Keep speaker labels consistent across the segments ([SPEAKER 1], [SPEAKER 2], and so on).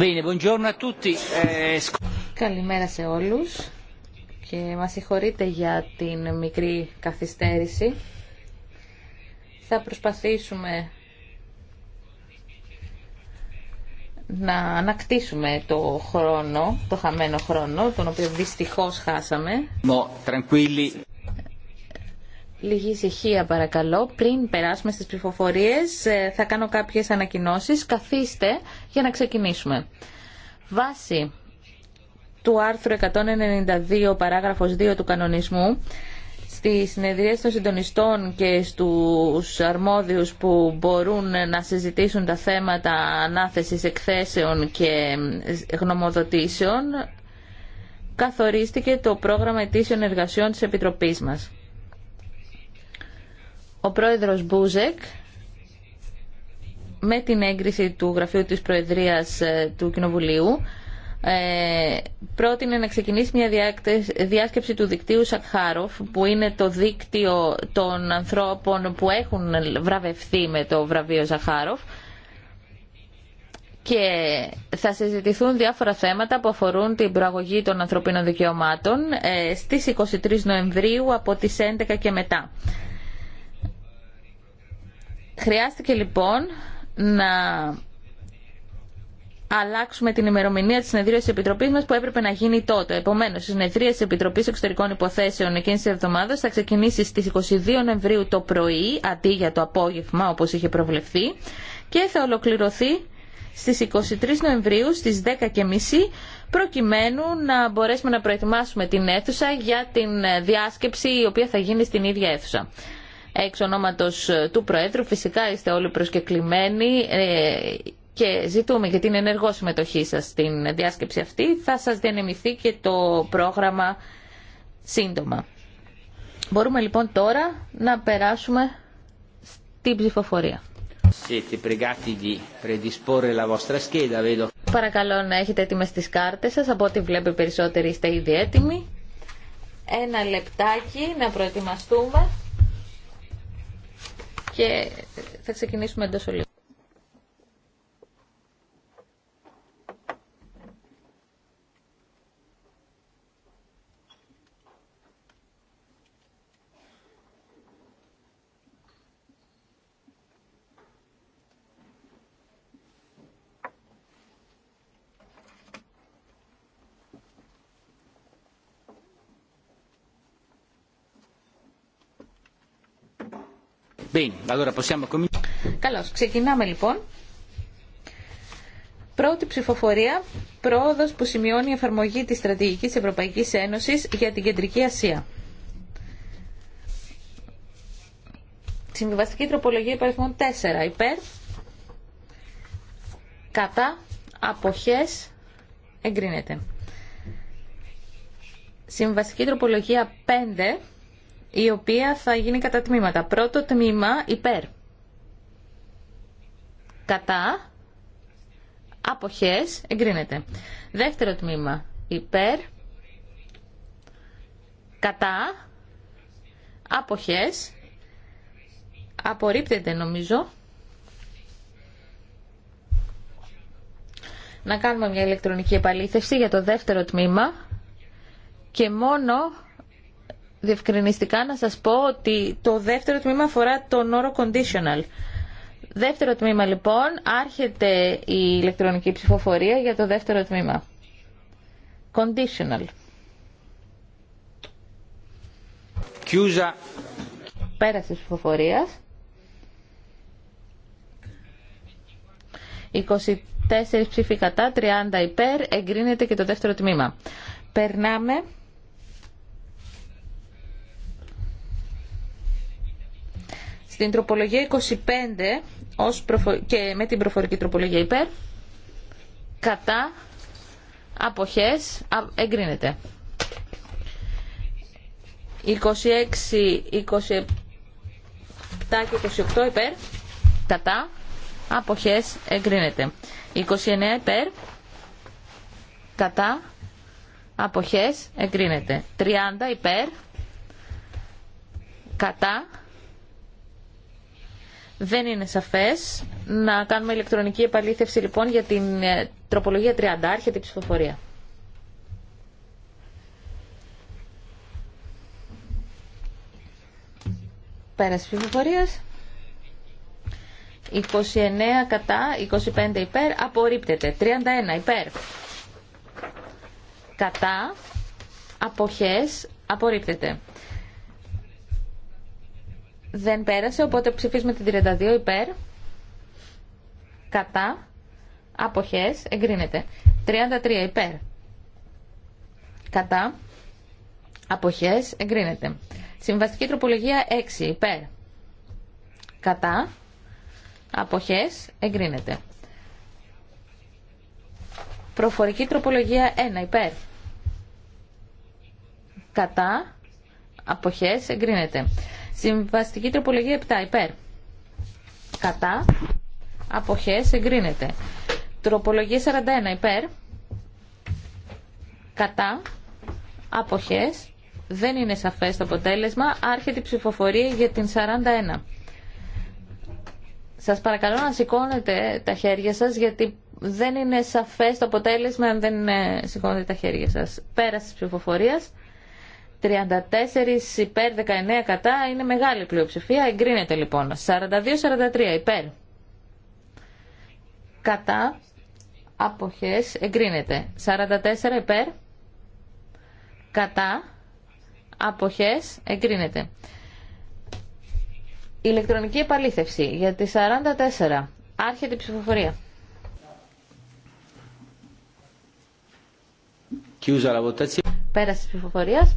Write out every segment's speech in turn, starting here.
[SPEAKER 1] Eh,
[SPEAKER 2] Καλημέρα σε όλους και μας συγχωρείτε για την μικρή καθυστέρηση. Θα προσπαθήσουμε να ανακτήσουμε το χρόνο, το χαμένο χρόνο, τον οποίο δυστυχώς χάσαμε. Λίγη ησυχία παρακαλώ. Πριν περάσουμε στις ψηφοφορίες ε, θα κάνω κάποιες ανακοινώσεις. Καθίστε για να ξεκινήσουμε. Βάσει του άρθρου 192 παράγραφος 2 του κανονισμού στι συνεδρίες των συντονιστών και στους αρμόδιους που μπορούν να συζητήσουν τα θέματα ανάθεσης εκθέσεων και γνωμοδοτήσεων καθορίστηκε το πρόγραμμα ετήσιων εργασιών της Επιτροπής μας. Ο πρόεδρος Μπούζεκ με την έγκριση του Γραφείου της Προεδρίας ε, του Κοινοβουλίου ε, πρότεινε να ξεκινήσει μια διάσκεψη του δικτύου Σακχάροφ που είναι το δίκτυο των ανθρώπων που έχουν βραβευθεί με το βραβείο Σαχάροφ και θα συζητηθούν διάφορα θέματα που αφορούν την προαγωγή των ανθρωπίνων δικαιωμάτων ε, στις 23 Νοεμβρίου από τις 11 και μετά. Χρειάστηκε λοιπόν να αλλάξουμε την ημερομηνία της συνεδρίας της Επιτροπής μας που έπρεπε να γίνει τότε. Επομένως, η συνεδρία της Επιτροπής Εξωτερικών Υποθέσεων εκείνης της εβδομάδας θα ξεκινήσει στις 22 Νοεμβρίου το πρωί, αντί για το απόγευμα όπως είχε προβλεφθεί, και θα ολοκληρωθεί στις 23 Νοεμβρίου στις 10.30 προκειμένου να μπορέσουμε να προετοιμάσουμε την αίθουσα για την διάσκεψη η οποία θα γίνει στην ίδια αίθουσα. Εξ ονόματος ε, του Προέδρου φυσικά είστε όλοι προσκεκλημένοι ε, και ζητούμε για την ενεργό συμμετοχή σας στην διάσκεψη αυτή. Θα σας διανεμηθεί και το πρόγραμμα σύντομα. Μπορούμε λοιπόν τώρα να περάσουμε στην ψηφοφορία. Παρακαλώ να έχετε έτοιμες τις κάρτε σας, από ό,τι βλέπω περισσότεροι είστε ήδη έτοιμοι. Ένα λεπτάκι να προετοιμαστούμε και θα ξεκινήσουμε εντό ολίγου. Καλώ. Ξεκινάμε λοιπόν. Πρώτη ψηφοφορία, Πρόοδο που σημειώνει η εφαρμογή τη Στρατηγική Ευρωπαϊκή Ένωση για την Κεντρική Ασία. Συμβιβαστική τροπολογία υπαριθμών 4. Υπέρ, κατά, αποχές, εγκρίνεται. Συμβαστική τροπολογία 5 η οποία θα γίνει κατά τμήματα. Πρώτο τμήμα υπέρ. Κατά. Αποχές. Εγκρίνεται. Δεύτερο τμήμα υπέρ. Κατά. Αποχές. Απορρίπτεται νομίζω. Να κάνουμε μια ηλεκτρονική επαλήθευση για το δεύτερο τμήμα και μόνο διευκρινιστικά να σας πω ότι το δεύτερο τμήμα αφορά τον όρο conditional. Δεύτερο τμήμα λοιπόν, άρχεται η ηλεκτρονική ψηφοφορία για το δεύτερο τμήμα. Conditional. Chiusa. Πέρασε της ψηφοφορίας. 24 ψήφοι κατά, 30 υπέρ, εγκρίνεται και το δεύτερο τμήμα. Περνάμε Στην τροπολογία 25 ως και με την προφορική τροπολογία υπέρ, κατά, αποχές, α... εγκρίνεται. 26, 27 και 28 υπέρ, κατά, αποχές, εγκρίνεται. 29 υπέρ, κατά, αποχές, εγκρίνεται. 30 υπέρ, κατά, δεν είναι σαφές. Να κάνουμε ηλεκτρονική επαλήθευση λοιπόν για την ε, τροπολογία 30. Άρχεται η ψηφοφορία. Πέραση ψηφοφορία; 29 κατά, 25 υπέρ, απορρίπτεται. 31 υπέρ. Κατά, αποχές, απορρίπτεται. Δεν πέρασε, οπότε ψηφίζουμε την 32 υπέρ. Κατά. Αποχές. Εγκρίνεται. 33 υπέρ. Κατά. Αποχές. Εγκρίνεται. Συμβαστική τροπολογία 6 υπέρ. Κατά. Αποχές. Εγκρίνεται. Προφορική τροπολογία 1 υπέρ. Κατά. Αποχές. Εγκρίνεται. Συμβαστική τροπολογία 7 υπέρ. Κατά. Αποχές εγκρίνεται. Τροπολογία 41 υπέρ. Κατά. Αποχές. Δεν είναι σαφές το αποτέλεσμα. Άρχεται η ψηφοφορία για την 41. Σας παρακαλώ να σηκώνετε τα χέρια σας γιατί δεν είναι σαφές το αποτέλεσμα αν δεν ε, σηκώνετε τα χέρια σας. Πέρασε της ψηφοφορίας 34 υπέρ 19 κατά είναι μεγάλη πλειοψηφία. Εγκρίνεται λοιπόν. 42-43 υπέρ. Κατά. Αποχές. Εγκρίνεται. 44 υπέρ. Κατά. Αποχές. Εγκρίνεται. Ηλεκτρονική επαλήθευση για τη 44. Άρχεται η ψηφοφορία. Πέραση ψηφοφορία.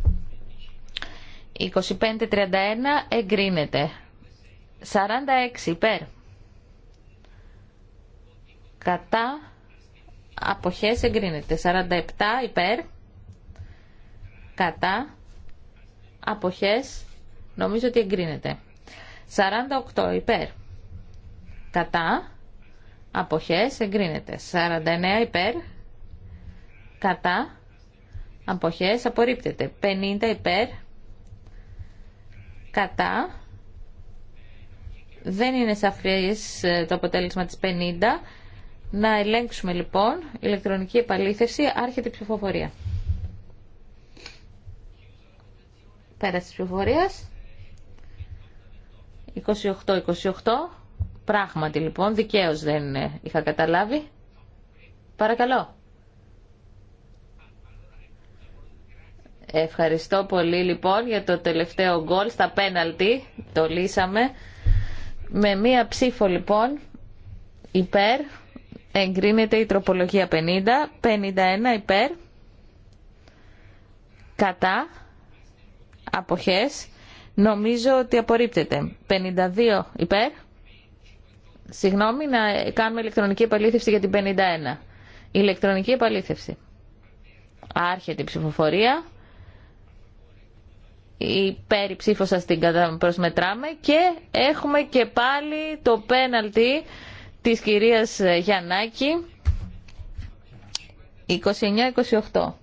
[SPEAKER 2] 25-31 εγκρίνεται. 46 υπέρ. Κατά αποχές εγκρίνεται. 47 υπέρ. Κατά αποχές νομίζω ότι εγκρίνεται. 48 υπέρ. Κατά αποχές εγκρίνεται. 49 υπέρ. Κατά αποχές απορρίπτεται. 50 υπέρ κατά. Δεν είναι σαφές ε, το αποτέλεσμα της 50. Να ελέγξουμε λοιπόν ηλεκτρονική επαλήθευση, άρχεται η ψηφοφορία. Πέραση της ψηφοφορίας. 28-28. Πράγματι λοιπόν, δικαίως δεν ε, είχα καταλάβει. Παρακαλώ. Ευχαριστώ πολύ λοιπόν για το τελευταίο γκολ στα πέναλτι. Το λύσαμε. Με μία ψήφο λοιπόν υπέρ εγκρίνεται η τροπολογία 50. 51 υπέρ κατά αποχές νομίζω ότι απορρίπτεται. 52 υπέρ. Συγγνώμη να κάνουμε ηλεκτρονική επαλήθευση για την 51. Ηλεκτρονική επαλήθευση. Άρχεται η ψηφοφορία η ψήφο σας την προσμετράμε και έχουμε και πάλι το πέναλτι της κυρίας Γιαννάκη 29-28.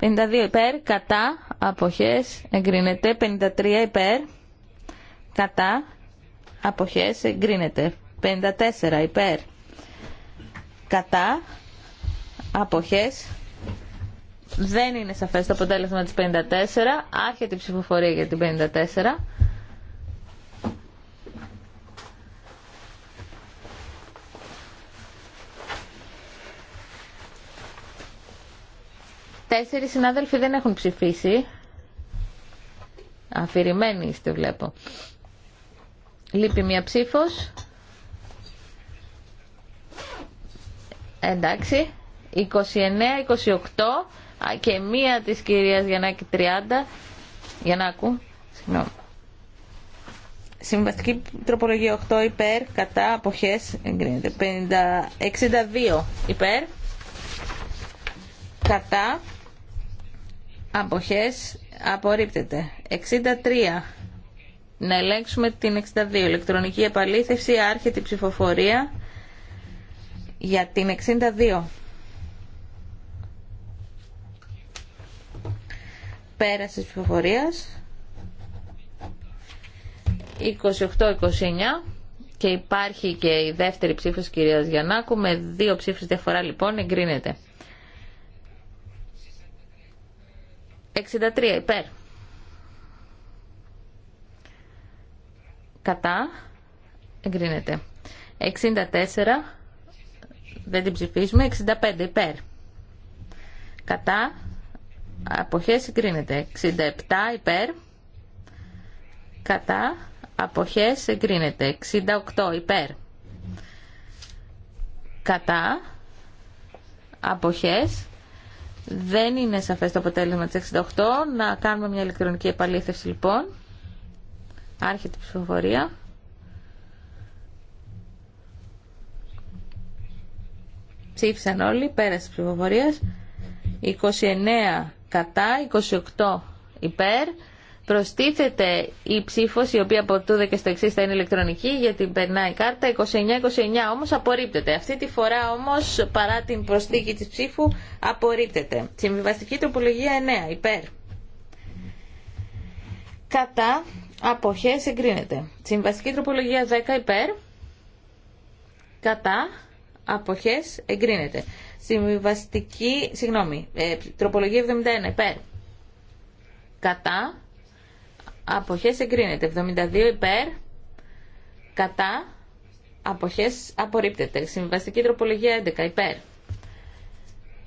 [SPEAKER 2] 52 υπέρ, κατά, αποχές, εγκρίνεται. 53 υπέρ, κατά, αποχές, εγκρίνεται. 54 υπέρ, κατά, αποχές, δεν είναι σαφές το αποτέλεσμα της 54. Άρχεται η ψηφοφορία για την 54. Τέσσερις συνάδελφοι δεν έχουν ψηφίσει. Αφηρημένοι είστε βλέπω. Λείπει μία ψήφος. Εντάξει. 29, 28 και μία της κυρίας Γιαννάκη 30. Γιαννάκου, συγγνώμη. Συμβαστική τροπολογία 8 υπέρ, κατά, αποχές, εγκρίνεται. 50, 62 υπέρ, κατά, αποχές, απορρίπτεται. 63. Να ελέγξουμε την 62. Ηλεκτρονική επαλήθευση, άρχεται η ψηφοφορία για την 62. Πέρας της ψηφοφορίας. 28-29 και υπάρχει και η δεύτερη ψήφος κυρίας Γιαννάκου με δύο ψήφους διαφορά λοιπόν εγκρίνεται. 63 υπέρ. Κατά. Εγκρίνεται. 64. Δεν την ψηφίσουμε. 65 υπέρ. Κατά αποχές συγκρίνεται. 67 υπέρ, κατά, αποχές εγκρίνεται. 68 υπέρ, κατά, αποχές δεν είναι σαφέ το αποτέλεσμα τη 68. Να κάνουμε μια ηλεκτρονική επαλήθευση λοιπόν. Άρχεται η ψηφοφορία. Ψήφισαν όλοι, πέρασε της ψηφοφορία. 29 κατά, 28 υπέρ. Προστίθεται η ψήφο, η οποία από τούδε και στο εξή θα είναι ηλεκτρονική, γιατί περνάει η κάρτα. 29-29 όμω απορρίπτεται. Αυτή τη φορά όμω, παρά την προσθήκη τη ψήφου, απορρίπτεται. Συμβιβαστική τροπολογία 9 υπέρ. Κατά αποχέ εγκρίνεται. Συμβαστική τροπολογία 10 υπέρ. Κατά αποχές εγκρίνεται. Συμβιβαστική, συγγνώμη, ε, τροπολογία 71 υπέρ. Κατά, αποχές εγκρίνεται. 72 υπέρ, κατά, αποχές απορρίπτεται. Συμβιβαστική τροπολογία 11 υπέρ.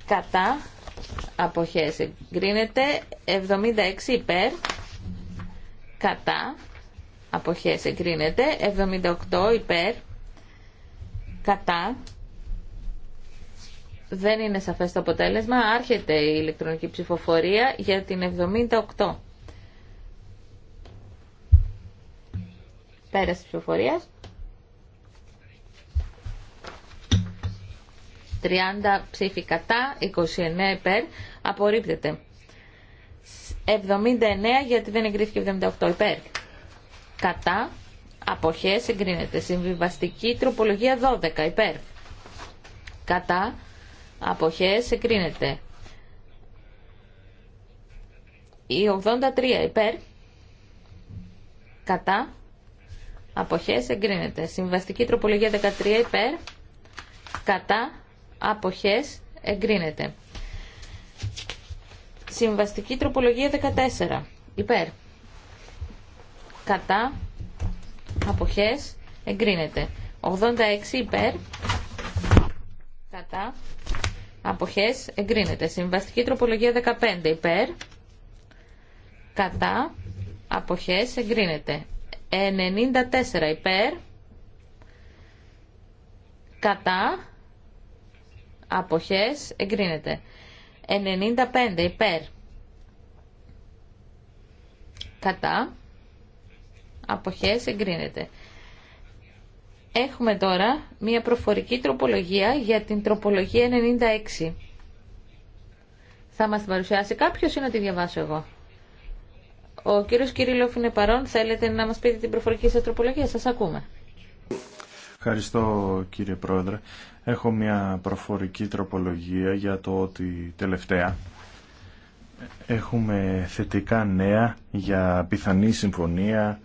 [SPEAKER 2] Κατά, αποχές εγκρίνεται. 76 υπέρ, κατά, αποχές εγκρίνεται. 78 υπέρ, κατά, δεν είναι σαφές το αποτέλεσμα. Άρχεται η ηλεκτρονική ψηφοφορία για την 78. Πέραση ψηφοφορίας. 30 ψήφοι κατά, 29 υπέρ. Απορρίπτεται. 79 γιατί δεν εγκρίθηκε 78 υπέρ. Κατά. Αποχές εγκρίνεται. Συμβιβαστική τροπολογία 12 υπέρ. Κατά αποχές εγκρίνεται. Η 83 υπέρ, κατά, αποχές εγκρίνεται. Συμβαστική τροπολογία 13 υπέρ, κατά, αποχές εγκρίνεται. Συμβαστική τροπολογία 14 υπέρ, κατά, αποχές εγκρίνεται. 86 υπέρ, κατά, Αποχές εγκρίνεται. Συμβαστική τροπολογία 15 υπέρ. Κατά. Αποχές εγκρίνεται. 94 υπέρ. Κατά. Αποχές εγκρίνεται. 95 υπέρ. Κατά. Αποχές εγκρίνεται. Έχουμε τώρα μία προφορική τροπολογία για την τροπολογία 96. Θα μας την παρουσιάσει κάποιος ή να τη διαβάσω εγώ. Ο κύριος Κυρίλοφ είναι παρόν. Θέλετε να μας πείτε την προφορική σας τροπολογία. Σας ακούμε.
[SPEAKER 3] Ευχαριστώ κύριε Πρόεδρε. Έχω μια προφορική τροπολογία για το ότι τελευταία έχουμε θετικά νέα για πιθανή συμφωνία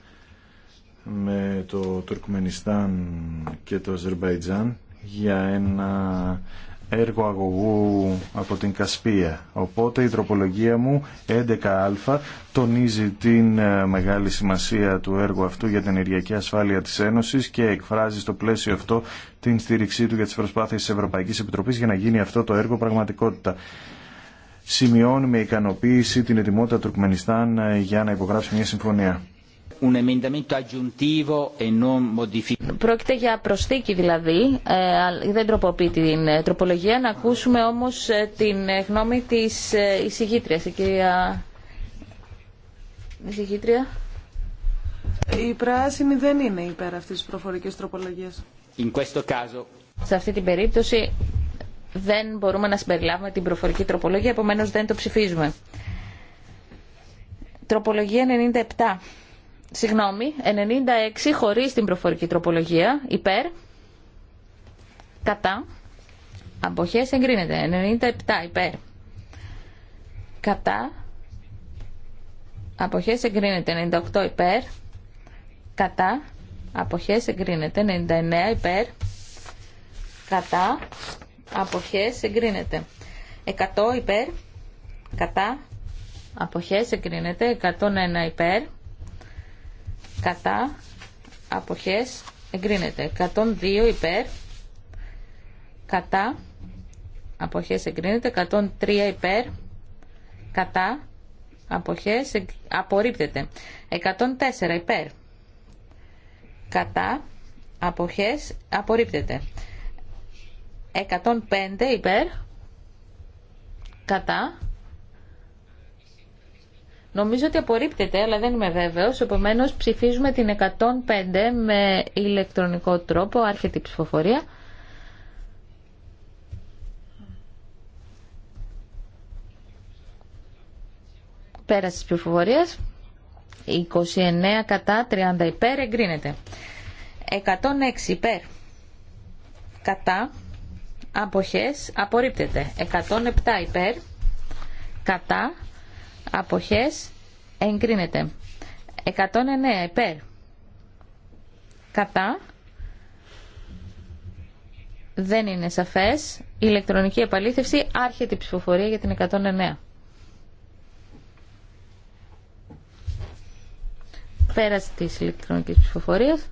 [SPEAKER 3] με το Τουρκμενιστάν και το Αζερβαϊτζάν για ένα έργο αγωγού από την Κασπία. Οπότε η τροπολογία μου 11α τονίζει την ε, μεγάλη σημασία του έργου αυτού για την ενεργειακή ασφάλεια της Ένωσης και εκφράζει στο πλαίσιο αυτό την στήριξή του για τις προσπάθειες της Ευρωπαϊκής Επιτροπής για να γίνει αυτό το έργο πραγματικότητα. Σημειώνει με ικανοποίηση την ετοιμότητα Τουρκμενιστάν ε, για να υπογράψει μια συμφωνία.
[SPEAKER 1] E
[SPEAKER 2] Πρόκειται για προσθήκη δηλαδή, ε, δεν τροποποιεί την ε, τροπολογία, να ακούσουμε όμως ε, την γνώμη της εισηγήτριας, η κυρία
[SPEAKER 4] εισηγήτρια. Η πράσινη δεν είναι υπέρ αυτής της προφορικής τροπολογίας. Σε αυτή την περίπτωση
[SPEAKER 2] δεν μπορούμε να συμπεριλάβουμε την προφορική τροπολογία, επομένως δεν το ψηφίζουμε. Τροπολογία 97 συγγνώμη, 96 χωρίς την προφορική τροπολογία, υπέρ, κατά, αποχές εγκρίνεται, 97 υπέρ, κατά, αποχές εγκρίνεται, 98 υπέρ, κατά, αποχές εγκρίνεται, 99 υπέρ, κατά, αποχές εγκρίνεται, 100 υπέρ, κατά, αποχές εγκρίνεται, 101 υπέρ, κατά αποχές εγκρίνεται 102 υπέρ κατά αποχές εγκρίνεται 103 υπέρ κατά αποχές απορρίπτεται 104 υπέρ κατά αποχές απορρίπτεται 105 υπέρ κατά Νομίζω ότι απορρίπτεται, αλλά δεν είμαι βέβαιος. Επομένω ψηφίζουμε την 105 με ηλεκτρονικό τρόπο, άρχεται η ψηφοφορία. Πέραση τη ψηφοφορία. 29 κατά, 30 υπέρ, εγκρίνεται. 106 υπέρ, κατά, αποχές, απορρίπτεται. 107 υπέρ, κατά, Αποχές εγκρίνεται. 109 υπέρ. Κατά. Δεν είναι σαφές. Ηλεκτρονική επαλήθευση. Άρχεται η ψηφοφορία για την 109. Πέραση της ηλεκτρονικη ψηφοφοριας ψηφοφορίας.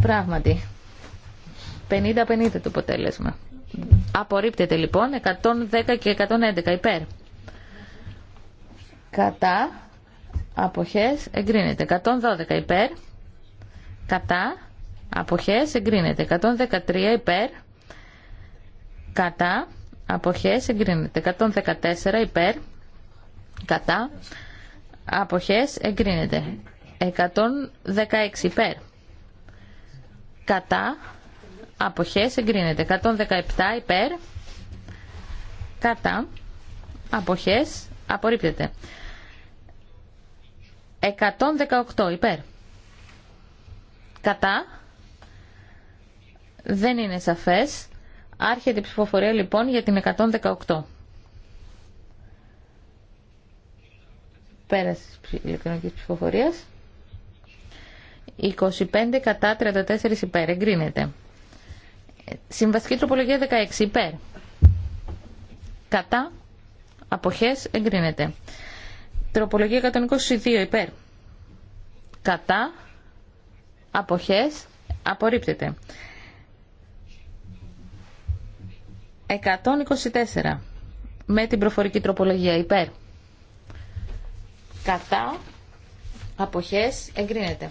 [SPEAKER 2] Πράγματι. 50-50 το αποτέλεσμα. Απορρίπτεται λοιπόν 110 και 111 υπέρ. Κατά. Αποχές εγκρίνεται. 112 υπέρ. Κατά. Αποχές εγκρίνεται. 113 υπέρ. Κατά. Αποχές εγκρίνεται. 114 υπέρ. Κατά. Αποχές εγκρίνεται. 116 υπέρ. Κατά αποχές εγκρίνεται 117 υπέρ κατά αποχές απορρίπτεται 118 υπέρ κατά δεν είναι σαφές άρχεται η ψηφοφορία λοιπόν για την 118 πέραση της ηλεκτρονικής ψηφοφορίας 25 κατά 34 υπέρ εγκρίνεται Συμβαστική τροπολογία 16 υπέρ. Κατά. Αποχές εγκρίνεται. Τροπολογία 122 υπέρ. Κατά. Αποχές απορρίπτεται. 124 με την προφορική τροπολογία υπέρ. Κατά. Αποχές εγκρίνεται.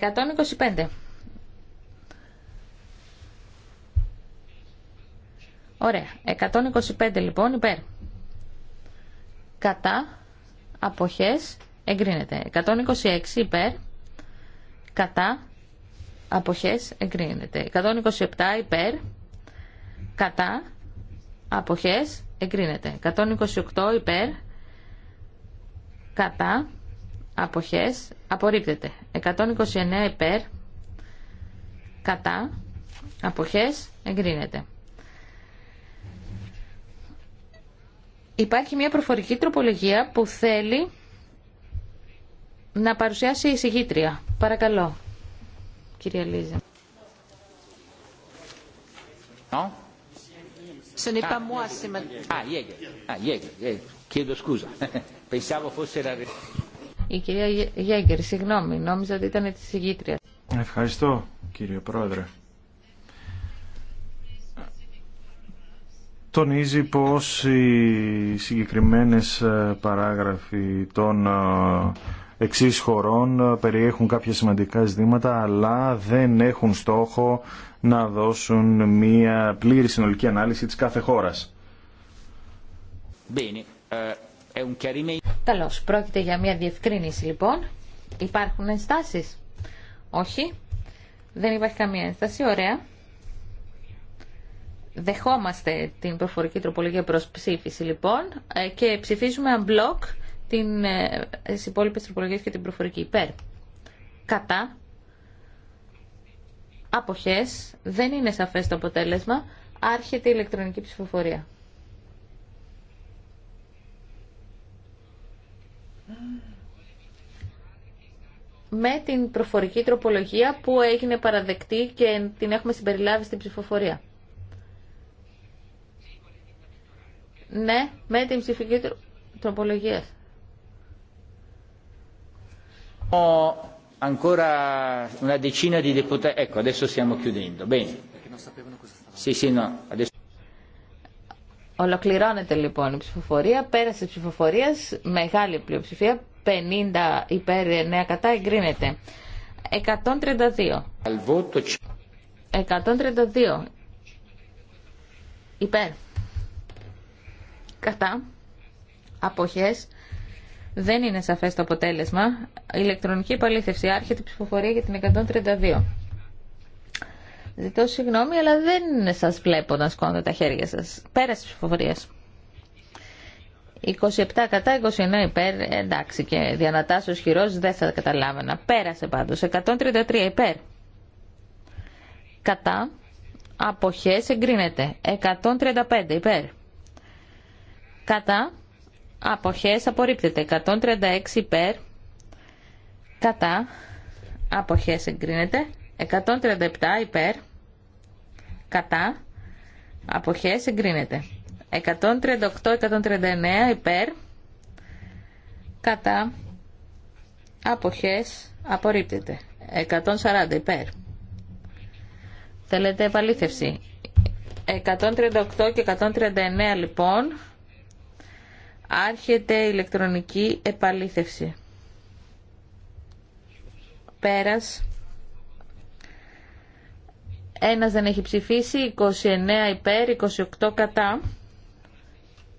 [SPEAKER 2] 125. Ωραία. 125 λοιπόν υπέρ. Κατά. Αποχές. Εγκρίνεται. 126 υπέρ. Κατά. Αποχές. Εγκρίνεται. 127 υπέρ. Κατά. Αποχές. Εγκρίνεται. 128 υπέρ. Κατά αποχές απορρίπτεται 129 υπέρ κατά αποχές εγκρίνεται Υπάρχει μια προφορική τροπολογία που θέλει να παρουσιάσει η συγγήτρια. Παρακαλώ, κυρία Λίζα. Η κυρία Γέγκερ, συγγνώμη, νόμιζα ότι ήταν τη συγγήτρια.
[SPEAKER 3] Ευχαριστώ κύριε Πρόεδρε. Τονίζει πως οι συγκεκριμένες ε, παράγραφοι των ε, εξή χωρών ε, περιέχουν κάποια σημαντικά ζητήματα αλλά δεν έχουν στόχο να δώσουν μια πλήρη συνολική ανάλυση της κάθε χώρας.
[SPEAKER 1] Bene.
[SPEAKER 2] Καλώ. Πρόκειται για μια διευκρίνηση λοιπόν. Υπάρχουν ενστάσεις. Όχι. Δεν υπάρχει καμία ένσταση. Ωραία. Δεχόμαστε την προφορική τροπολογία προς ψήφιση λοιπόν ε, και ψηφίζουμε unblock την, ε, τις τροπολογίες και την προφορική υπέρ. Κατά. Αποχές. Δεν είναι σαφές το αποτέλεσμα. Άρχεται η ηλεκτρονική ψηφοφορία. με την προφορική τροπολογία που έγινε παραδεκτή και την έχουμε συμπεριλάβει στην ψηφοφορία. Ναι, με την ψηφική τρο... τροπολογία.
[SPEAKER 1] ancora una decina di deputati. Ecco, adesso stiamo chiudendo. Bene. Sì, sì, no. Adesso...
[SPEAKER 2] Ολοκληρώνεται λοιπόν η ψηφοφορία. Πέρασε ψηφοφορία, μεγάλη πλειοψηφία, 50 υπέρ 9 κατά εγκρίνεται. 132. 132. Υπέρ. Κατά. Αποχές. Δεν είναι σαφές το αποτέλεσμα. Ηλεκτρονική επαλήθευση. Άρχεται η ψηφοφορία για την 132. Ζητώ συγγνώμη, αλλά δεν σας βλέπω να σκόνετε τα χέρια σας. Πέρασε τις ψηφοφορίες. 27 κατά, 29 υπέρ, εντάξει και διανατάσσεως χειρό, δεν θα καταλάβαινα. Πέρασε πάντως, 133 υπέρ. Κατά, αποχές εγκρίνεται, 135 υπέρ. Κατά, αποχές απορρίπτεται, 136 υπέρ. Κατά, αποχές εγκρίνεται, 137 υπέρ, κατά, αποχές εγκρίνεται. 138-139 υπέρ, κατά, αποχές απορρίπτεται. 140 υπέρ. Θέλετε επαλήθευση. 138 και 139 λοιπόν, άρχεται ηλεκτρονική επαλήθευση. Πέρας. Ένας δεν έχει ψηφίσει, 29 υπέρ, 28 κατά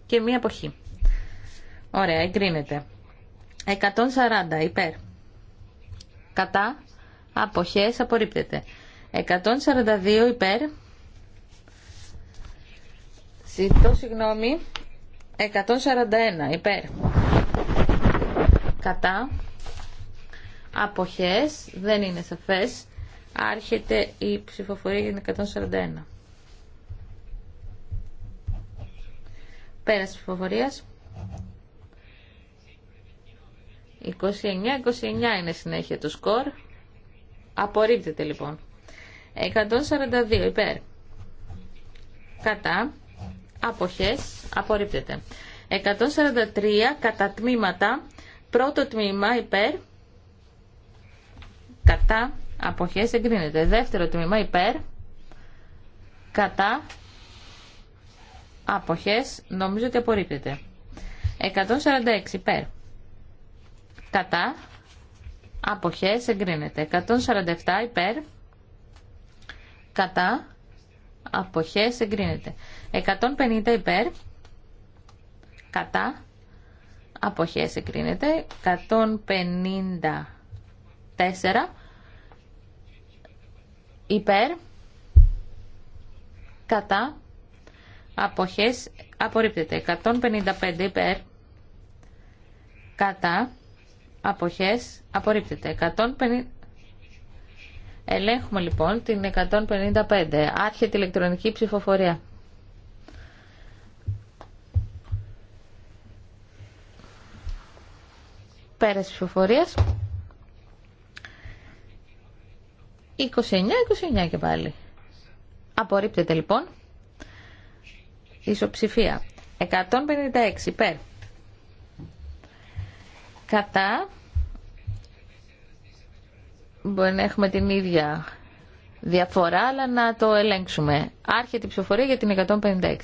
[SPEAKER 2] και μία αποχή. Ωραία, εγκρίνεται. 140 υπέρ. Κατά, αποχές, απορρίπτεται. 142 υπέρ. Ζητώ συγγνώμη. 141 υπέρ. Κατά. Αποχές. Δεν είναι σαφές. Άρχεται η ψηφοφορία για την 141. Πέρας ψηφοφορίας. 29-29 είναι συνέχεια το σκορ. Απορρίπτεται λοιπόν. 142 υπέρ. Κατά. Αποχές. Απορρίπτεται. 143 κατά τμήματα. Πρώτο τμήμα υπέρ. Κατά αποχές εγκρίνεται. Δεύτερο τμήμα υπέρ, κατά, αποχές, νομίζω ότι απορρίπτεται. 146 υπέρ, κατά, αποχές εγκρίνεται. 147 υπέρ, κατά, αποχές εγκρίνεται. 150 υπέρ, κατά, αποχές εγκρίνεται. 154 υπέρ, κατά, αποχές, απορρίπτεται. 155 υπέρ, κατά, αποχές, απορρίπτεται. 155 Ελέγχουμε λοιπόν την 155. Άρχεται ηλεκτρονική ψηφοφορία. Πέρας ψηφοφορίας. 29-29 και πάλι. Απορρίπτεται λοιπόν. Ισοψηφία. 156 υπέρ. Κατά. Μπορεί να έχουμε την ίδια διαφορά, αλλά να το ελέγξουμε. Άρχεται η ψηφοφορία για την 156.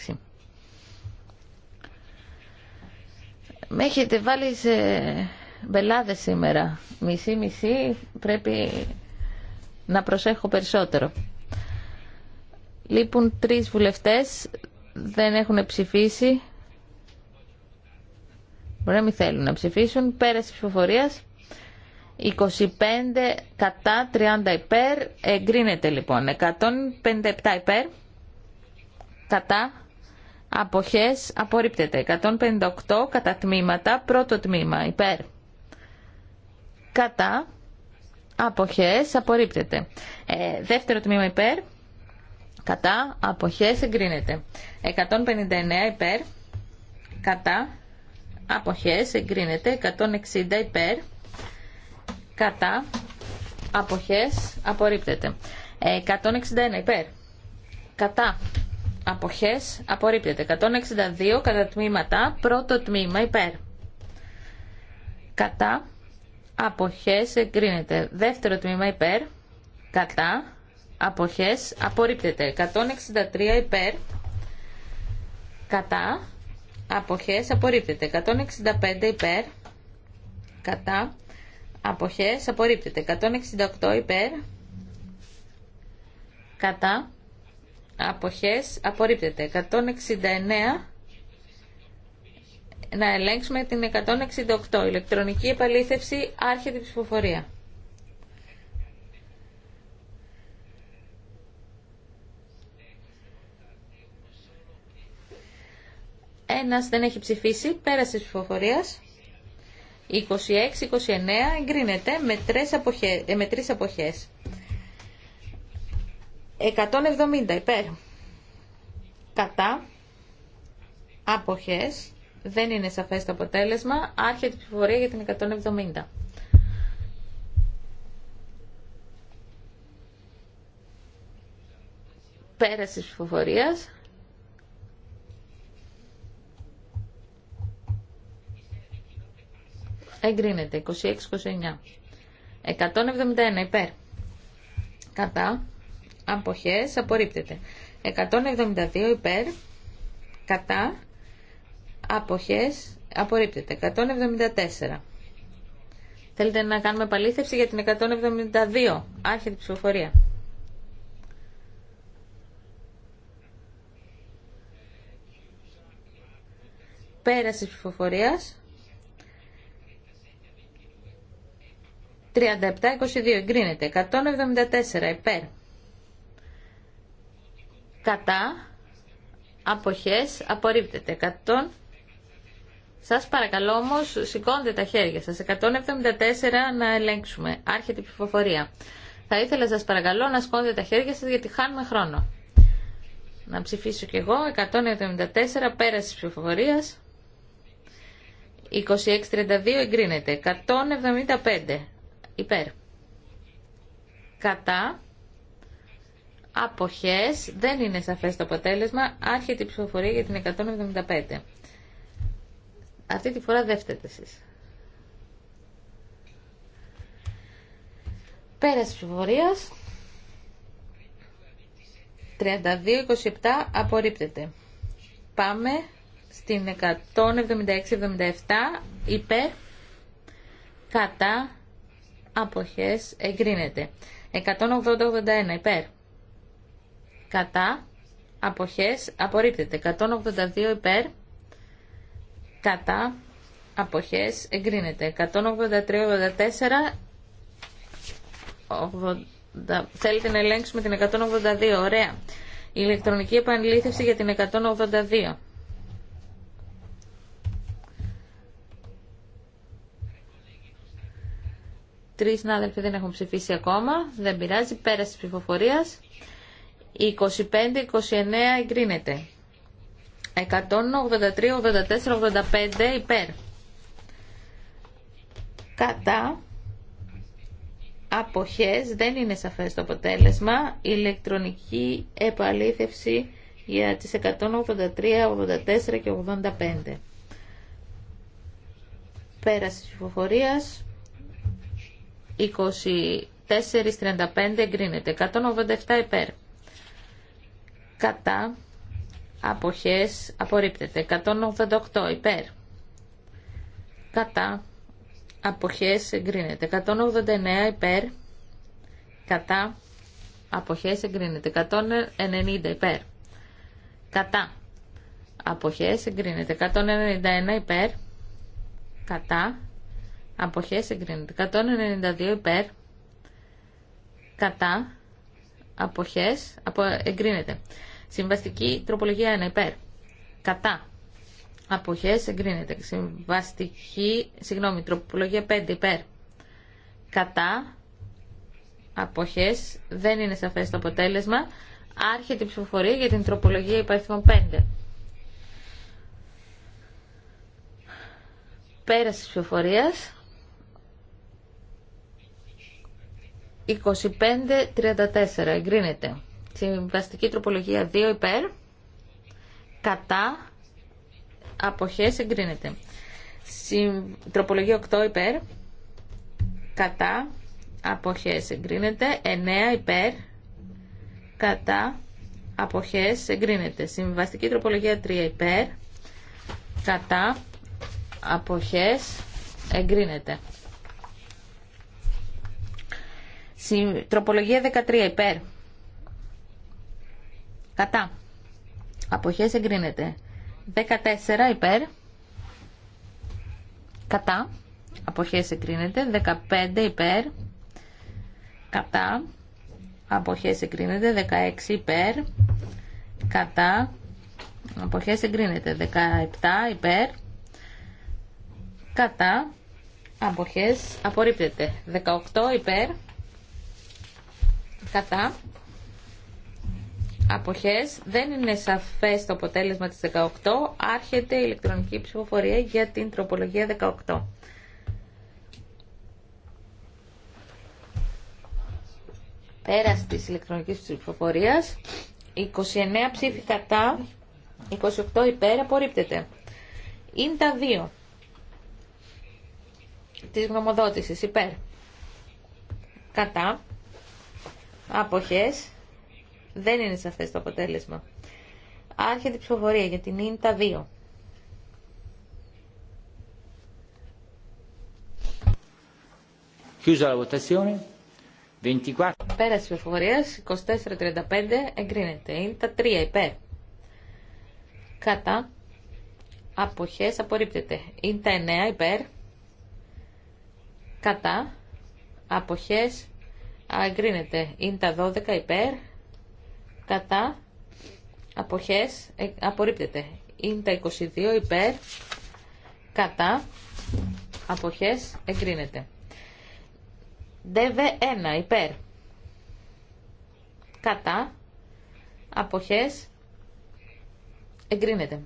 [SPEAKER 2] Με έχετε βάλει σε μπελάδες σήμερα. Μισή-μισή πρέπει να προσέχω περισσότερο. Λείπουν τρεις βουλευτές, δεν έχουν ψηφίσει. Μπορεί να μην θέλουν να ψηφίσουν. Πέρασε ψηφοφορίας. 25 κατά 30 υπέρ. Εγκρίνεται λοιπόν. 157 υπέρ. Κατά. Αποχές. Απορρίπτεται. 158 κατά τμήματα. Πρώτο τμήμα υπέρ. Κατά αποχές απορρίπτεται. Ε, δεύτερο τμήμα υπέρ, κατά, αποχές εγκρίνεται. 159 υπέρ, κατά, αποχές εγκρίνεται. 160 υπέρ, κατά, αποχές απορρίπτεται. 161 υπέρ, κατά, αποχές απορρίπτεται. 162 κατά τμήματα, πρώτο τμήμα υπέρ, κατά, αποχές εγκρίνεται. Δεύτερο τμήμα υπέρ, κατά, αποχές απορρίπτεται. 163 υπέρ, κατά, αποχές απορρίπτεται. 165 υπέρ, κατά, αποχές απορρίπτεται. 168 υπέρ, κατά, αποχές απορρίπτεται. 169 να ελέγξουμε την 168. Ηλεκτρονική επαλήθευση, άρχεται η ψηφοφορία. Ένας δεν έχει ψηφίσει, πέρασε της ψηφοφορίας. 26-29 εγκρίνεται με τρεις, αποχέ ε, με τρεις αποχές. 170 υπέρ. Κατά. Αποχές δεν είναι σαφές το αποτέλεσμα. Άρχεται η ψηφοφορία για την 170. Πέραση της ψηφοφορίας. 26-29. 171 υπέρ. Κατά. Αποχές. Απορρίπτεται. 172 υπέρ. Κατά αποχές απορρίπτεται. 174. Θέλετε να κάνουμε παλήθευση για την 172. Άρχεται ψηφοφορία. Πέραση ψηφοφορίας. 37-22 εγκρίνεται. 174 υπέρ. Κατά. Αποχές απορρίπτεται. 100 σας παρακαλώ όμω, σηκώντε τα χέρια σας. 174 να ελέγξουμε. Άρχεται η ψηφοφορία. Θα ήθελα σας παρακαλώ να σηκώνετε τα χέρια σας γιατί χάνουμε χρόνο. Να ψηφίσω κι εγώ. 174 πέραση της ψηφοφορίας. 2632 εγκρίνεται. 175 υπέρ. Κατά. Αποχές. Δεν είναι σαφές το αποτέλεσμα. Άρχεται η ψηφοφορία για την 175. Αυτή τη φορά δεν φταίτε εσείς. Πέρας της 32 32-27 απορρίπτεται. Πάμε στην 176-77 υπέρ κατά αποχές εγκρίνεται. 180-81 υπέρ κατά αποχές απορρίπτεται. 182 υπέρ κατά αποχές εγκρίνεται 183-84 θέλετε να ελέγξουμε την 182 ωραία ηλεκτρονική επανλήθευση για την 182 Τρει συνάδελφοι δεν έχουν ψηφίσει ακόμα. Δεν πειράζει. Πέραση τη ψηφοφορία. 25-29 εγκρίνεται. 183, 84, 85 υπέρ. Κατά αποχές δεν είναι σαφές το αποτέλεσμα. Ηλεκτρονική επαλήθευση για τις 183, 84 και 85. Πέραση ψηφοφορίας 24-35 εγκρίνεται. 187 υπέρ. Κατά αποχές απορρίπτεται 188 υπέρ κατά αποχές εγκρίνεται 189 υπέρ κατά αποχές εγκρίνεται 190 υπέρ κατά αποχές εγκρίνεται 191 υπέρ κατά αποχές εγκρίνεται 192 υπέρ κατά αποχές απο, εγκρίνεται Συμβαστική τροπολογία 1 υπέρ. Κατά. Αποχές εγκρίνεται. Συμβαστική, συγγνώμη, τροπολογία 5 υπέρ. Κατά. Αποχές. Δεν είναι σαφέ το αποτέλεσμα. Άρχεται η ψηφοφορία για την τροπολογία υπαριθμών 5. Πέραση τη ψηφοφορίας. 25-34 εγκρίνεται. Συμβαστική τροπολογία 2 υπέρ. Κατά. απόχέ εγκρίνεται. Συμ... Τροπολογία 8 υπέρ. Κατά. απόχέ. εγκρίνεται. 9 υπέρ. Κατά. απόχέ, εγκρίνεται. Συμβαστική τροπολογία 3 υπέρ. Κατά. απόχέ, εγκρίνεται. Συμ... Τροπολογία 13 υπέρ Κατά. Αποχές εγκρίνεται. 14 υπέρ. Κατά. Αποχές εγκρίνεται. 15 υπέρ. Κατά. Αποχές εγκρίνεται. 16 υπέρ. Κατά. Αποχές εγκρίνεται. 17 υπέρ. Κατά. Αποχές απορρίπτεται. 18 υπέρ. Κατά αποχές. Δεν είναι σαφές το αποτέλεσμα της 18. Άρχεται η ηλεκτρονική ψηφοφορία για την τροπολογία 18. Πέρας της ηλεκτρονικής ψηφοφορίας, 29 ψήφι κατά, 28 υπέρ, απορρίπτεται. Είναι τα δύο της γνωμοδότησης υπέρ. Κατά. Αποχές. Δεν είναι σαφές το αποτέλεσμα. Άρχεται η ψηφοφορία για την ίντα 2.
[SPEAKER 1] Chiusa la 24.
[SPEAKER 2] Πέραση ψηφοφορία 24-35 εγκρίνεται. Είναι 3 υπέρ. Κατά. αποχές απορρίπτεται. Είναι 9 υπέρ. Κατά. αποχές εγκρίνεται. Είναι 12 υπέρ κατά, αποχές, ε, απορρίπτεται. Είναι τα 22 υπέρ, κατά, αποχές, εγκρίνεται. ΔΕΒΕ 1 υπέρ, κατά, αποχές, εγκρίνεται.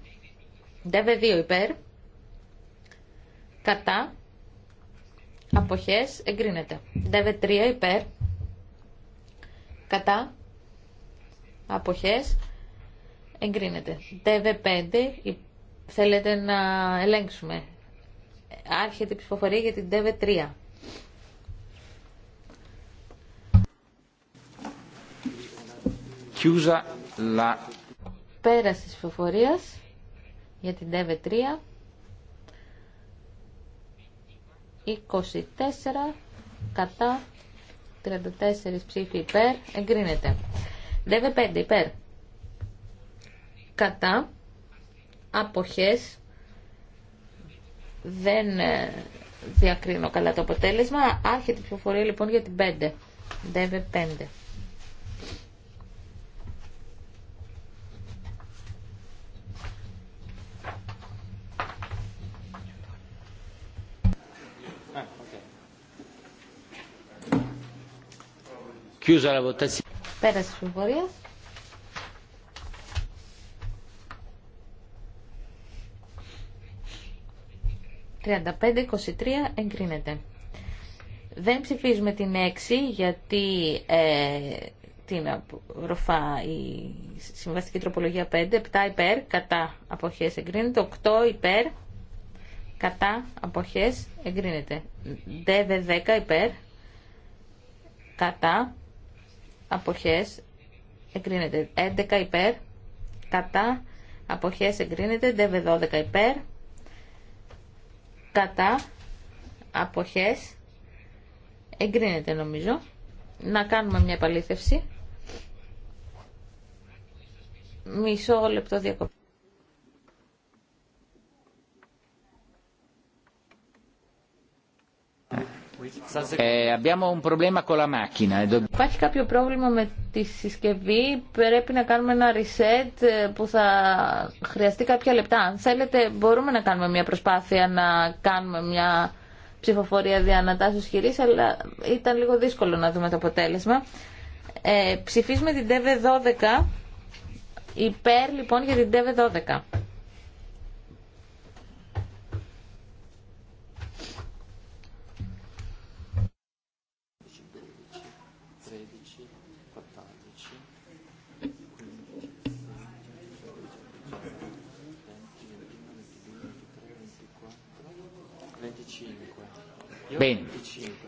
[SPEAKER 2] ΔΕΒΕ 2 υπέρ, κατά, αποχές, εγκρίνεται. ΔΕΒΕ 3 υπέρ, κατά, αποχές εγκρίνεται. DV5 θέλετε να ελέγξουμε. Άρχεται η ψηφοφορία για την DV3. La... Πέραση της ψηφοφορίας για την DV3. 24 κατά 34 ψήφοι υπέρ εγκρίνεται. ΔΕΒΕ 5 υπέρ. Κατά. Αποχές. Δεν ε, διακρίνω καλά το αποτέλεσμα. Άρχεται η ψηφοφορία λοιπόν για την 5. ΔΕΒΕ 5 Πέρασε της 35 «35-23 εγκρίνεται». Δεν ψηφίζουμε την 6 γιατί ε, την ροφά η συμβαστική τροπολογία 5, 7 υπέρ, κατά αποχές εγκρίνεται, 8 υπέρ, κατά αποχές εγκρίνεται, ΔΒ 10 υπέρ, κατά αποχές εγκρίνεται 11 υπέρ κατά αποχές εγκρίνεται 12 υπέρ κατά αποχές εγκρίνεται νομίζω να κάνουμε μια επαλήθευση μισό λεπτό διακοπή
[SPEAKER 1] Ε, eh, Υπάρχει
[SPEAKER 2] κάποιο πρόβλημα με τη συσκευή. Πρέπει να κάνουμε ένα reset ε, που θα χρειαστεί κάποια λεπτά. Αν θέλετε μπορούμε να κάνουμε μια προσπάθεια να κάνουμε μια ψηφοφορία ανατάσσεως χειρής, αλλά ήταν λίγο δύσκολο να δούμε το αποτέλεσμα. Ε, ψηφίζουμε την ΤΕΒΕ 12. Υπέρ λοιπόν για την ΤΕΒΕ 12.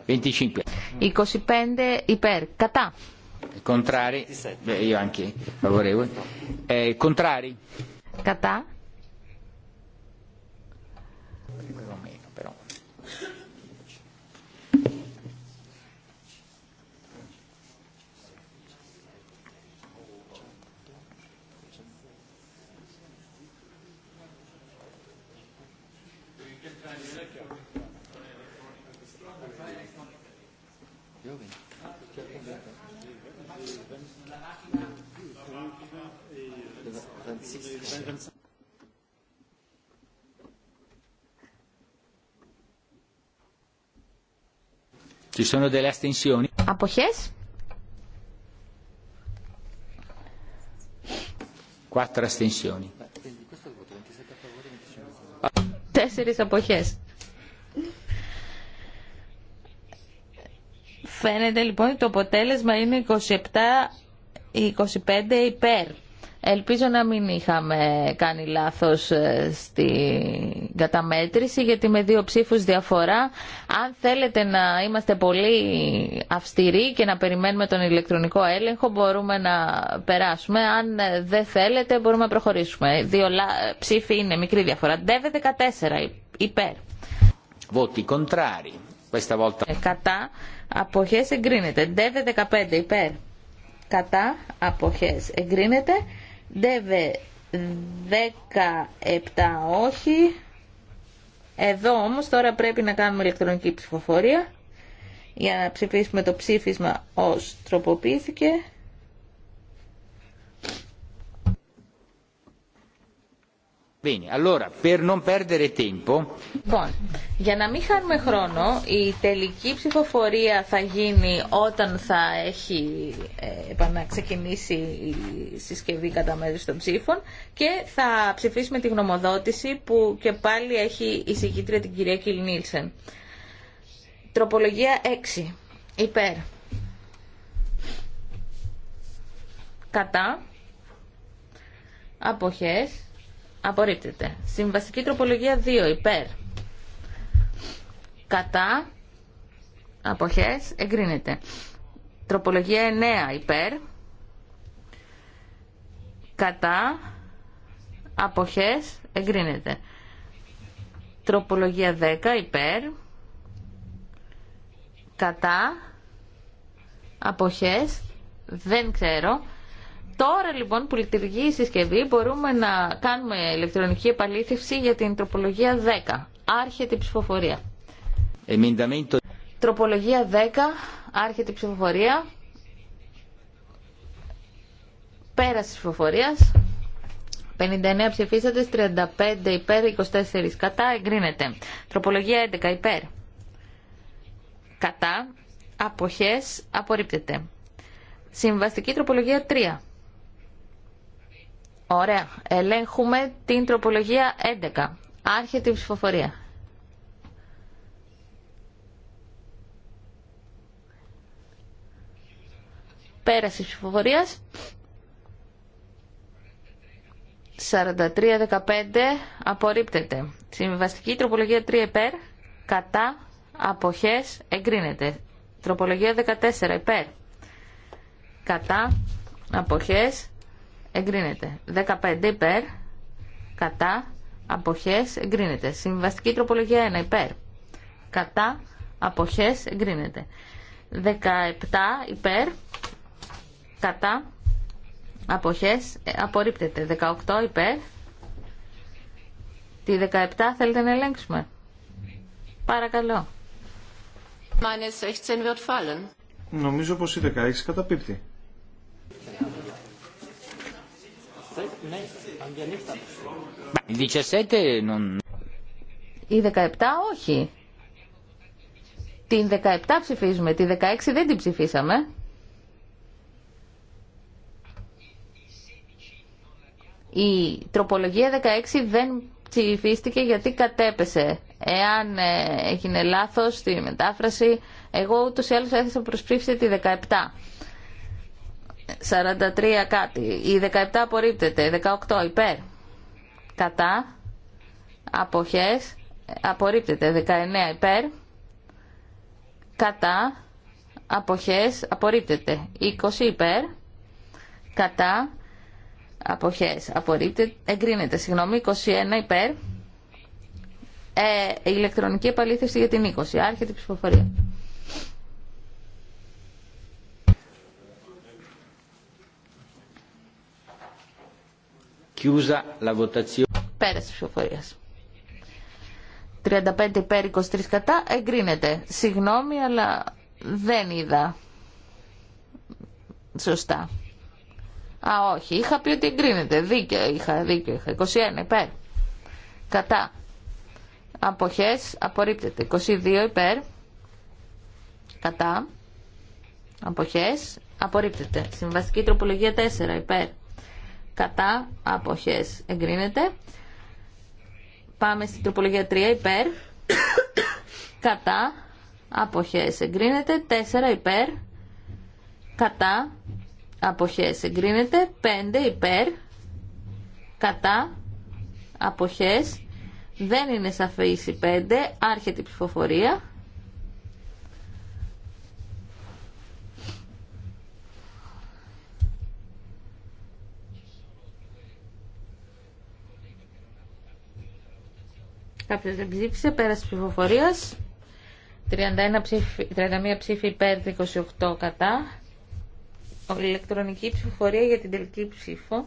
[SPEAKER 1] 25. 25 υπέρ. Κατά. Contrari. Beh, io anche favorevole. Eh, contrari. Κατά. Ci sono delle
[SPEAKER 2] Αποχές.
[SPEAKER 1] Τέσσερις αποχές.
[SPEAKER 2] Φαίνεται λοιπόν ότι το αποτέλεσμα είναι 27 25 υπέρ. Ελπίζω να μην είχαμε κάνει λάθος ε, στην καταμέτρηση, γιατί με δύο ψήφους διαφορά, αν θέλετε να είμαστε πολύ αυστηροί και να περιμένουμε τον ηλεκτρονικό έλεγχο, μπορούμε να περάσουμε. Αν ε, δεν θέλετε, μπορούμε να προχωρήσουμε. Δύο ε, ψήφοι είναι μικρή διαφορά. Δέβε 14, υπέρ.
[SPEAKER 1] Βότι κοντράρι.
[SPEAKER 2] Κατά, αποχές εγκρίνεται. Δέβε 15, υπέρ. Κατά, αποχές εγκρίνεται. Ντεβε 17 όχι. Εδώ όμως τώρα πρέπει να κάνουμε ηλεκτρονική ψηφοφορία για να ψηφίσουμε το ψήφισμα ως τροποποιήθηκε.
[SPEAKER 1] Λοιπόν,
[SPEAKER 2] για να μην χάνουμε χρόνο, η τελική ψηφοφορία θα γίνει όταν θα έχει ε, επαναξεκινήσει η συσκευή κατά μέρους των ψήφων και θα ψηφίσουμε τη γνωμοδότηση που και πάλι έχει η συγκίτρια την κυρία Κιλ Νίλσεν. Τροπολογία 6. Υπέρ. Κατά. Αποχές Απορρίπτεται. Συμβαστική τροπολογία 2. Υπέρ. Κατά. Αποχές. Εγκρίνεται. Τροπολογία 9. Υπέρ. Κατά. Αποχές. Εγκρίνεται. Τροπολογία 10. Υπέρ. Κατά. Αποχές. Δεν ξέρω. Τώρα λοιπόν που λειτουργεί η συσκευή μπορούμε να κάνουμε ηλεκτρονική επαλήθευση για την τροπολογία 10. Άρχεται η ψηφοφορία. Τροπολογία 10. Άρχεται η ψηφοφορία. Πέραση ψηφοφορία. 59 ψηφίσατε, 35 υπέρ, 24 κατά, εγκρίνεται. Τροπολογία 11 υπέρ. Κατά, αποχές, απορρίπτεται. Συμβαστική τροπολογία 3. Ωραία. Ελέγχουμε την τροπολογία 11. Άρχεται η ψηφοφορία. Πέραση ψηφοφορίας. 43-15 απορρίπτεται. Συμβιβαστική τροπολογία 3 υπέρ, κατά, αποχές, εγκρίνεται. Τροπολογία 14 υπέρ, κατά, αποχές, εγκρίνεται. 15 υπέρ, κατά, αποχές, εγκρίνεται. Συμβαστική τροπολογία 1 υπέρ, κατά, αποχές, εγκρίνεται. 17 υπέρ, κατά, αποχές, ε, απορρίπτεται. 18 υπέρ, τη 17 θέλετε να ελέγξουμε. Παρακαλώ.
[SPEAKER 3] Νομίζω πως η 16 καταπίπτει.
[SPEAKER 1] Η 17 όχι.
[SPEAKER 2] Την 17 ψηφίζουμε, τη 16 δεν την ψηφίσαμε. Η τροπολογία 16 δεν ψηφίστηκε γιατί κατέπεσε. Εάν ε, έγινε λάθος στη μετάφραση, εγώ ούτως ή άλλως έθεσα προς τη 17. 43 κάτι. Η 17 απορρίπτεται. 18 υπέρ. Κατά. Αποχές. Απορρίπτεται. 19 υπέρ. Κατά. Αποχές. Απορρίπτεται. 20 υπέρ. Κατά. Αποχές. Απορρίπτεται. Εγκρίνεται. Συγγνώμη. 21 υπέρ. Ε, ηλεκτρονική επαλήθευση για την 20. Άρχεται η ψηφοφορία.
[SPEAKER 1] Chiusa la votazione. ψηφοφορία.
[SPEAKER 2] 35 υπέρ 23 κατά εγκρίνεται. Συγγνώμη, αλλά δεν είδα. Σωστά. Α, όχι. Είχα πει ότι εγκρίνεται. Δίκαιο είχα. Δίκαιο είχα. 21 υπέρ. Κατά. Αποχές. Απορρίπτεται. 22 υπέρ. Κατά. Αποχές. Απορρίπτεται. Συμβαστική τροπολογία 4 υπέρ κατά, αποχές, εγκρίνεται. Πάμε στην τροπολογία 3, υπέρ, κατά, αποχές, εγκρίνεται. 4, υπέρ, κατά, αποχές, εγκρίνεται. 5, υπέρ, κατά, αποχές, δεν είναι σαφής η 5, άρχεται η ψηφοφορία. Κάποιο δεν ψήφισε. Πέρασε ψηφοφορία. 31 ψήφι, 31 ψηφί υπέρ, 28 κατά. Ηλεκτρονική ψηφοφορία για την τελική ψήφο.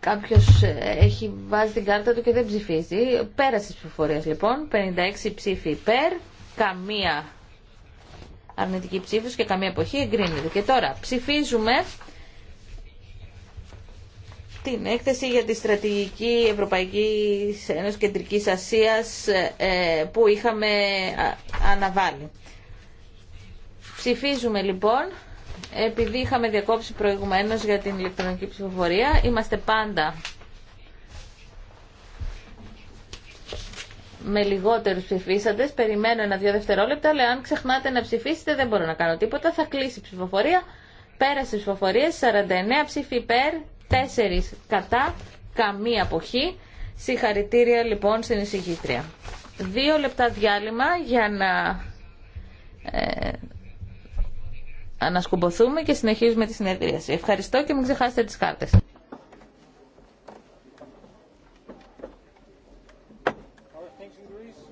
[SPEAKER 2] Κάποιο ε, έχει βάζει την κάρτα του και δεν ψηφίζει. Πέρασε τη ψηφοφορία λοιπόν. 56 ψήφοι υπέρ, καμία αρνητική ψήφος και καμία εποχή εγκρίνεται. Και τώρα ψηφίζουμε την έκθεση για τη στρατηγική Ευρωπαϊκή Ένωση Κεντρικής Ασίας ε, που είχαμε αναβάλει. Ψηφίζουμε λοιπόν, επειδή είχαμε διακόψει προηγουμένως για την ηλεκτρονική ψηφοφορία, είμαστε πάντα με λιγότερου ψηφίσαντε. Περιμένω ένα-δύο δευτερόλεπτα, αλλά αν ξεχνάτε να ψηφίσετε δεν μπορώ να κάνω τίποτα. Θα κλείσει η ψηφοφορία. Πέρασε η ψηφοφορία. 49 ψήφοι υπέρ, 4 κατά, καμία αποχή. Συγχαρητήρια λοιπόν στην εισηγήτρια. Δύο λεπτά διάλειμμα για να ε, ανασκουμποθούμε και συνεχίζουμε τη συνεδρίαση. Ευχαριστώ και μην ξεχάσετε τις κάρτες. Greece.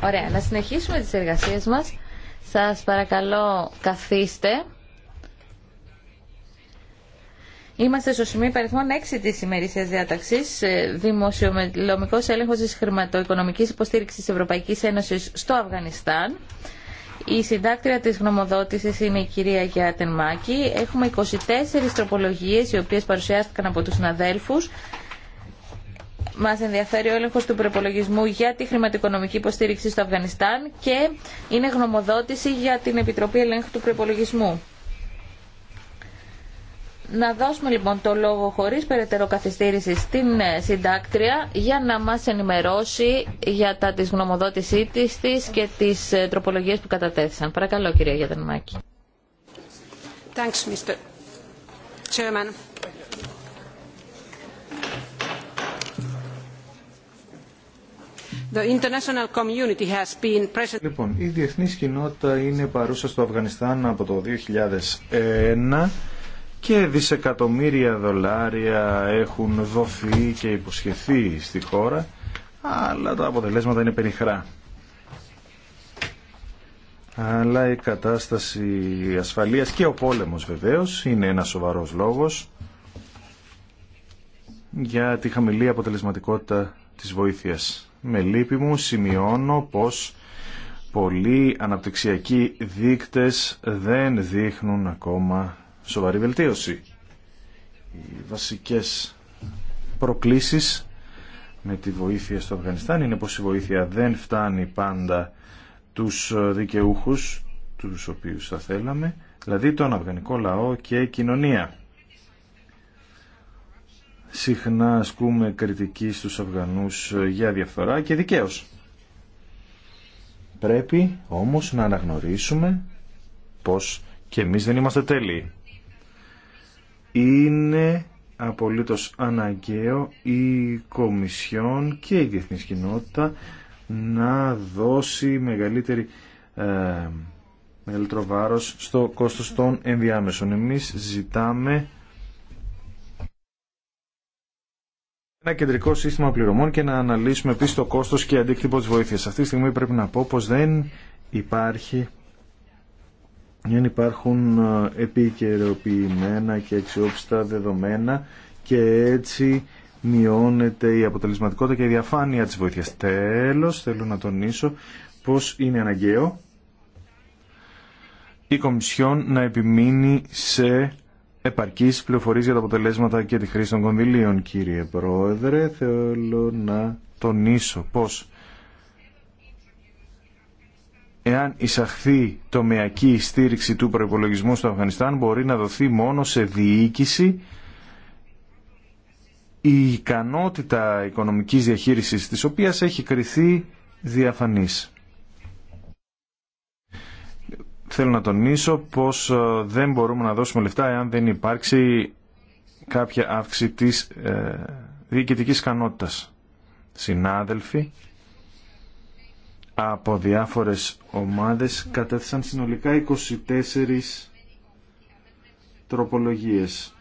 [SPEAKER 2] Ωραία, να συνεχίσουμε τις εργασίες μας. Σας παρακαλώ καθίστε. Είμαστε στο σημείο υπαριθμών 6 της ημερήσιας διάταξης, ε, δημοσιομελωμικός έλεγχος της χρηματοοικονομικής υποστήριξης Ευρωπαϊκής Ένωσης στο Αφγανιστάν. Η συντάκτρια της γνωμοδότησης είναι η κυρία Γιάτεν Μάκη. Έχουμε 24 τροπολογίες οι οποίες παρουσιάστηκαν από τους συναδέλφους Μα ενδιαφέρει ο έλεγχο του προπολογισμού για τη χρηματοοικονομική υποστήριξη στο Αφγανιστάν και είναι γνωμοδότηση για την Επιτροπή Ελέγχου του Προπολογισμού. Να δώσουμε λοιπόν το λόγο χωρί περαιτέρω καθυστήρηση στην ε, συντάκτρια για να μα ενημερώσει για τα τη γνωμοδότησή τη και τι ε, τροπολογίε που κατατέθησαν. Παρακαλώ κυρία Γιατανμάκη.
[SPEAKER 4] Thanks, Λοιπόν,
[SPEAKER 3] η διεθνή κοινότητα είναι παρούσα στο Αφγανιστάν από το 2001 και δισεκατομμύρια δολάρια έχουν δοθεί και υποσχεθεί στη χώρα, αλλά τα αποτελέσματα είναι περιχρά. Αλλά η κατάσταση ασφαλείας και ο πόλεμος βεβαίως είναι ένα σοβαρός λόγος για τη χαμηλή αποτελεσματικότητα της βοήθειας. Με λύπη μου σημειώνω πως πολλοί αναπτυξιακοί δείκτες δεν δείχνουν ακόμα σοβαρή βελτίωση. Οι βασικές προκλήσεις με τη βοήθεια στο Αφγανιστάν είναι πως η βοήθεια δεν φτάνει πάντα τους δικαιούχους τους οποίους θα θέλαμε, δηλαδή τον αφγανικό λαό και η κοινωνία συχνά ασκούμε κριτική στους Αφγανούς για διαφθορά και δικαίως. Πρέπει όμως να αναγνωρίσουμε πως και εμείς δεν είμαστε τέλειοι. Είναι απολύτως αναγκαίο η Κομισιόν και η διεθνής κοινότητα να δώσει μεγαλύτερη, ε, μεγαλύτερο στο κόστος των ενδιάμεσων. Εμείς ζητάμε ένα κεντρικό σύστημα πληρωμών και να αναλύσουμε επίση το κόστο και αντίκτυπο τη βοήθεια. Αυτή τη στιγμή πρέπει να πω πω δεν υπάρχει. Δεν υπάρχουν ε, επικαιροποιημένα και αξιόπιστα δεδομένα και έτσι μειώνεται η αποτελεσματικότητα και η διαφάνεια της βοήθειας. Τέλος, θέλω να τονίσω πως είναι αναγκαίο η Κομισιόν να επιμείνει σε επαρκή πληροφορίε για τα αποτελέσματα και τη χρήση των κονδυλίων, κύριε Πρόεδρε. Θέλω να τονίσω πως εάν εισαχθεί τομεακή στήριξη του προπολογισμού στο Αφγανιστάν μπορεί να δοθεί μόνο σε διοίκηση η ικανότητα οικονομικής διαχείρισης της οποίας έχει κριθεί διαφανής θέλω να τονίσω πως ε, δεν μπορούμε να δώσουμε λεφτά εάν δεν υπάρξει κάποια αύξηση της ε, διοικητικής ικανότητας. Συνάδελφοι από διάφορες ομάδες κατέθεσαν συνολικά 24 τροπολογίες.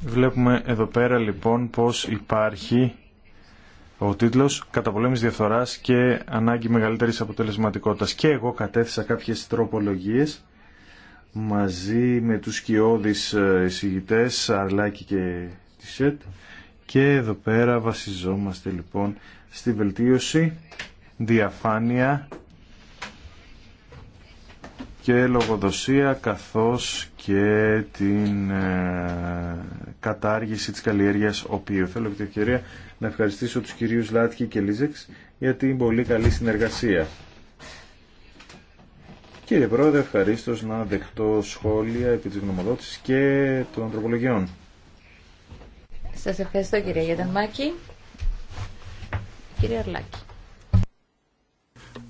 [SPEAKER 3] Βλέπουμε εδώ πέρα λοιπόν πως υπάρχει ο τίτλος «Καταπολέμηση διαφθοράς και ανάγκη μεγαλύτερης αποτελεσματικότητας». Και εγώ κατέθεσα κάποιες τροπολογίες μαζί με τους σκιώδεις ε, εισηγητές Αρλάκη και Τισέτ και εδώ πέρα βασιζόμαστε λοιπόν στη βελτίωση, διαφάνεια και λογοδοσία καθώς και την ε, κατάργηση της καλλιέργειας οποίου. Θέλω και την ευκαιρία να ευχαριστήσω τους κυρίους Λάτκη και Λίζεξ για την πολύ καλή συνεργασία. Κύριε Πρόεδρε, ευχαρίστω να δεχτώ σχόλια επί της γνωμοδότησης και των ανθρωπολογιών.
[SPEAKER 2] Σας ευχαριστώ κύριε Γιατανμάκη. Κύριε Αρλάκη.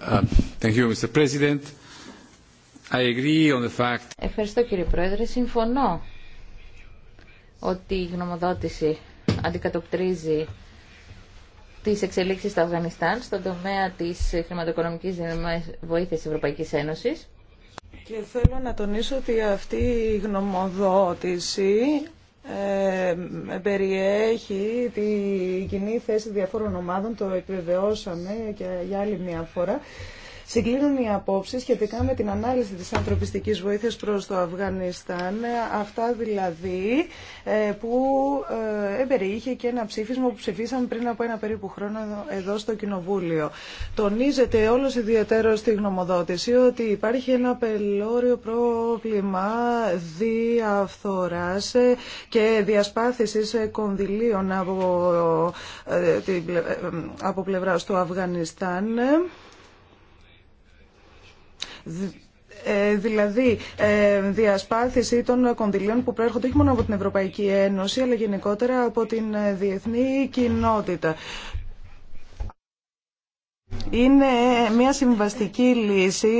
[SPEAKER 1] Uh, thank you, Mr. President.
[SPEAKER 2] Ευχαριστώ κύριε Πρόεδρε. Συμφωνώ ότι η γνωμοδότηση αντικατοπτρίζει τις εξελίξεις στο Αφγανιστάν στον τομέα της χρηματοοικονομικής βοήθειας της Ευρωπαϊκής Ένωσης.
[SPEAKER 4] Και θέλω να τονίσω ότι αυτή η γνωμοδότηση ε, περιέχει τη κοινή θέση διαφόρων ομάδων, το επιβεβαιώσαμε και για άλλη μια φορά συγκλίνουν οι απόψει σχετικά με την ανάλυση τη ανθρωπιστική βοήθεια προς το Αφγανιστάν. Αυτά δηλαδή ε, που ε, εμπεριείχε και ένα ψήφισμα που ψηφίσαμε πριν από ένα περίπου χρόνο εδώ στο Κοινοβούλιο. Τονίζεται όλο ιδιαίτερο στη γνωμοδότηση ότι υπάρχει ένα πελώριο πρόβλημα διαφθορα ε, και διασπάθηση κονδυλίων από, από πλευρά του Αφγανιστάν. Ε, δηλαδή ε, διασπάθηση των κονδυλίων που προέρχονται όχι μόνο από την Ευρωπαϊκή Ένωση αλλά γενικότερα από την ε, διεθνή κοινότητα. Είναι μια συμβαστική λύση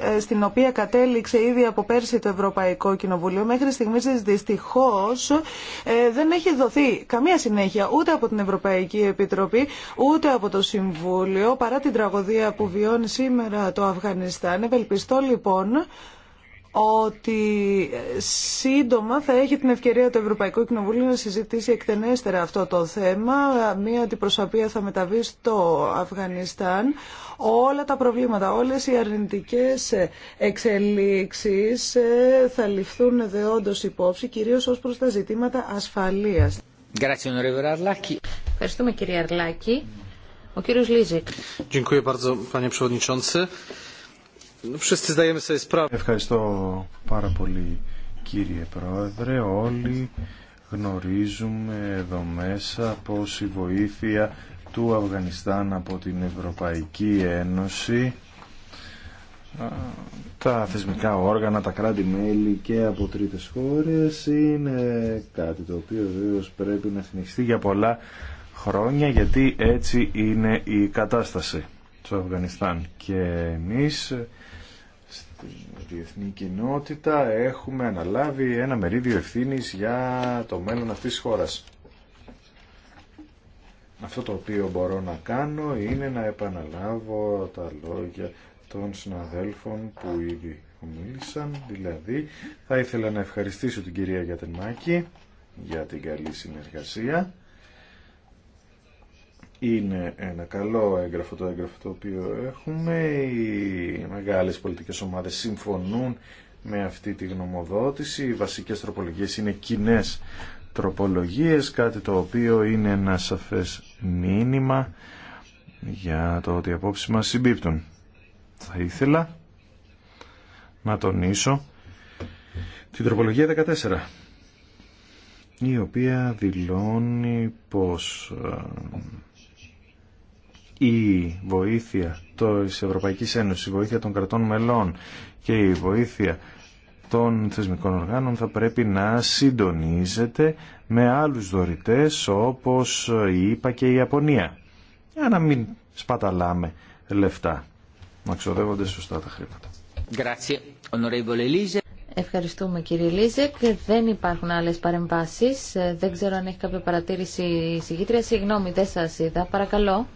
[SPEAKER 4] ε, στην οποία κατέληξε ήδη από πέρσι το Ευρωπαϊκό Κοινοβούλιο. Μέχρι στιγμής δυστυχώς ε, δεν έχει δοθεί καμία συνέχεια ούτε από την Ευρωπαϊκή Επιτροπή ούτε από το Συμβούλιο παρά την τραγωδία που βιώνει σήμερα το Αφγανιστάν. Ευελπιστώ λοιπόν ότι σύντομα θα έχει την ευκαιρία το Ευρωπαϊκό Κοινοβούλιο να συζητήσει εκτενέστερα αυτό το θέμα. Μία αντιπροσωπεία θα μεταβεί στο Αφγανιστάν. Όλα τα προβλήματα, όλες οι αρνητικές εξελίξεις ε, θα ληφθούν δεόντως υπόψη, κυρίως ως προς τα ζητήματα ασφαλείας. Ευχαριστούμε κύριε Αρλάκη. Ο κύριος Λίζικ.
[SPEAKER 3] Ευχαριστώ πάρα πολύ κύριε Πρόεδρε. Όλοι γνωρίζουμε εδώ μέσα πως η βοήθεια του Αφγανιστάν από την Ευρωπαϊκή Ένωση τα θεσμικά όργανα, τα κράτη-μέλη και από τρίτες χώρες είναι κάτι το οποίο βεβαίω πρέπει να συνεχιστεί για πολλά χρόνια γιατί έτσι είναι η κατάσταση του Αφγανιστάν και εμείς διεθνή κοινότητα έχουμε αναλάβει ένα μερίδιο ευθύνη για το μέλλον αυτής της χώρας. Αυτό το οποίο μπορώ να κάνω είναι να επαναλάβω τα λόγια των συναδέλφων που ήδη ομίλησαν. Δηλαδή, θα ήθελα να ευχαριστήσω την κυρία Γιατεμάκη για την καλή συνεργασία είναι ένα καλό έγγραφο το έγγραφο το οποίο έχουμε. Οι μεγάλες πολιτικές ομάδες συμφωνούν με αυτή τη γνωμοδότηση. Οι βασικές τροπολογίες είναι κοινέ τροπολογίες, κάτι το οποίο είναι ένα σαφές μήνυμα για το ότι οι απόψεις μας συμπίπτουν. Θα ήθελα να τονίσω την τροπολογία 14 η οποία δηλώνει πως ε, η βοήθεια της Ευρωπαϊκής Ένωσης, η βοήθεια των κρατών μελών και η βοήθεια των θεσμικών οργάνων θα πρέπει να συντονίζεται με άλλους δωρητές όπως η και η Ιαπωνία για να μην σπαταλάμε λεφτά να ξοδεύονται σωστά τα χρήματα.
[SPEAKER 1] Ευχαριστούμε
[SPEAKER 2] κύριε Λίζεκ. Δεν υπάρχουν άλλες παρεμβάσεις. Δεν ξέρω αν έχει κάποια παρατήρηση η συγκήτρια. Συγγνώμη, δεν σας είδα. Παρακαλώ.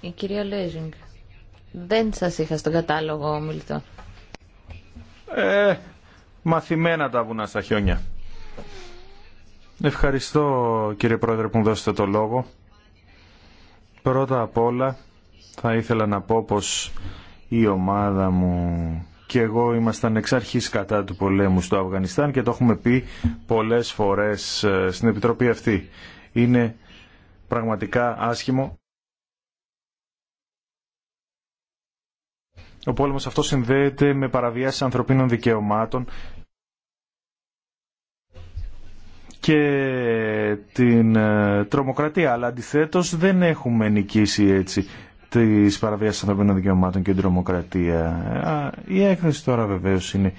[SPEAKER 2] Η κυρία Λέζινγκ. Δεν σας είχα στον κατάλογο ομιλητό.
[SPEAKER 3] Ε, μαθημένα τα βουνά στα χιόνια. Ευχαριστώ κύριε Πρόεδρε που μου δώσετε το λόγο. Πρώτα απ' όλα θα ήθελα να πω πως η ομάδα μου και εγώ ήμασταν εξ αρχής κατά του πολέμου στο Αφγανιστάν και το έχουμε πει πολλές φορές ε, στην Επιτροπή αυτή. Είναι πραγματικά άσχημο Ο πόλεμος αυτό συνδέεται με παραβιάσεις ανθρωπίνων δικαιωμάτων και την ε, τρομοκρατία. Αλλά αντιθέτως δεν έχουμε νικήσει έτσι τις παραβιάσεις ανθρωπίνων δικαιωμάτων και την τρομοκρατία. Η έκθεση τώρα βεβαίω είναι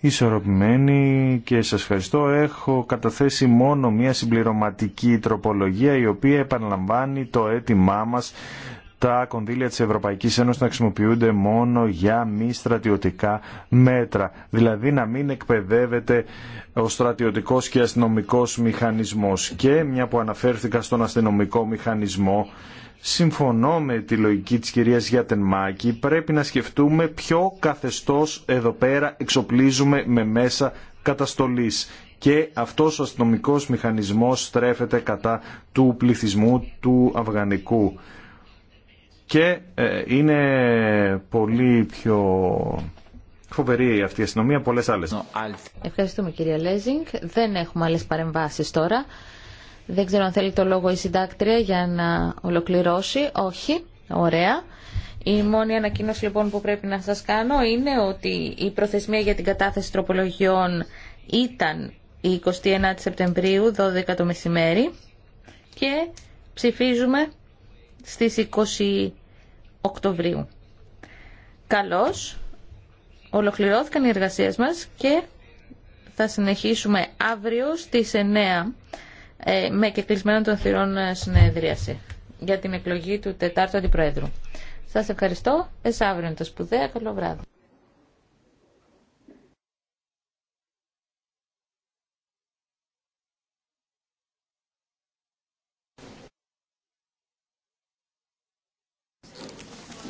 [SPEAKER 3] ισορροπημένη και σας ευχαριστώ. Έχω καταθέσει μόνο μια συμπληρωματική τροπολογία η οποία επαναλαμβάνει το αίτημά μας τα κονδύλια της Ευρωπαϊκής Ένωσης να χρησιμοποιούνται μόνο για μη στρατιωτικά μέτρα. Δηλαδή να μην εκπαιδεύεται ο στρατιωτικός και αστυνομικός μηχανισμός. Και μια που αναφέρθηκα στον αστυνομικό μηχανισμό, συμφωνώ με τη λογική της κυρίας Γιατενμάκη, πρέπει να σκεφτούμε ποιο καθεστώς εδώ πέρα εξοπλίζουμε με μέσα καταστολής και αυτός ο αστυνομικός μηχανισμός στρέφεται κατά του πληθυσμού του Αφγανικού και ε, είναι πολύ πιο φοβερή αυτή η αστυνομία από πολλές άλλες.
[SPEAKER 2] Ευχαριστούμε κυρία Λέζινγκ. Δεν έχουμε άλλες παρεμβάσεις τώρα. Δεν ξέρω αν θέλει το λόγο η συντάκτρια για να ολοκληρώσει. Όχι. Ωραία. Η μόνη ανακοίνωση λοιπόν που πρέπει να σας κάνω είναι ότι η προθεσμία για την κατάθεση τροπολογιών ήταν η 29 Σεπτεμβρίου, 12 το μεσημέρι και ψηφίζουμε στις 20 Οκτωβρίου. Καλώς, ολοκληρώθηκαν οι εργασίες μας και θα συνεχίσουμε αύριο στις 9 ε, με κεκλεισμένο των θυρών ε, συνεδρίαση για την εκλογή του Τετάρτου Αντιπροέδρου. Σας ευχαριστώ. Εσάβριον είναι το σπουδαία. Καλό βράδυ.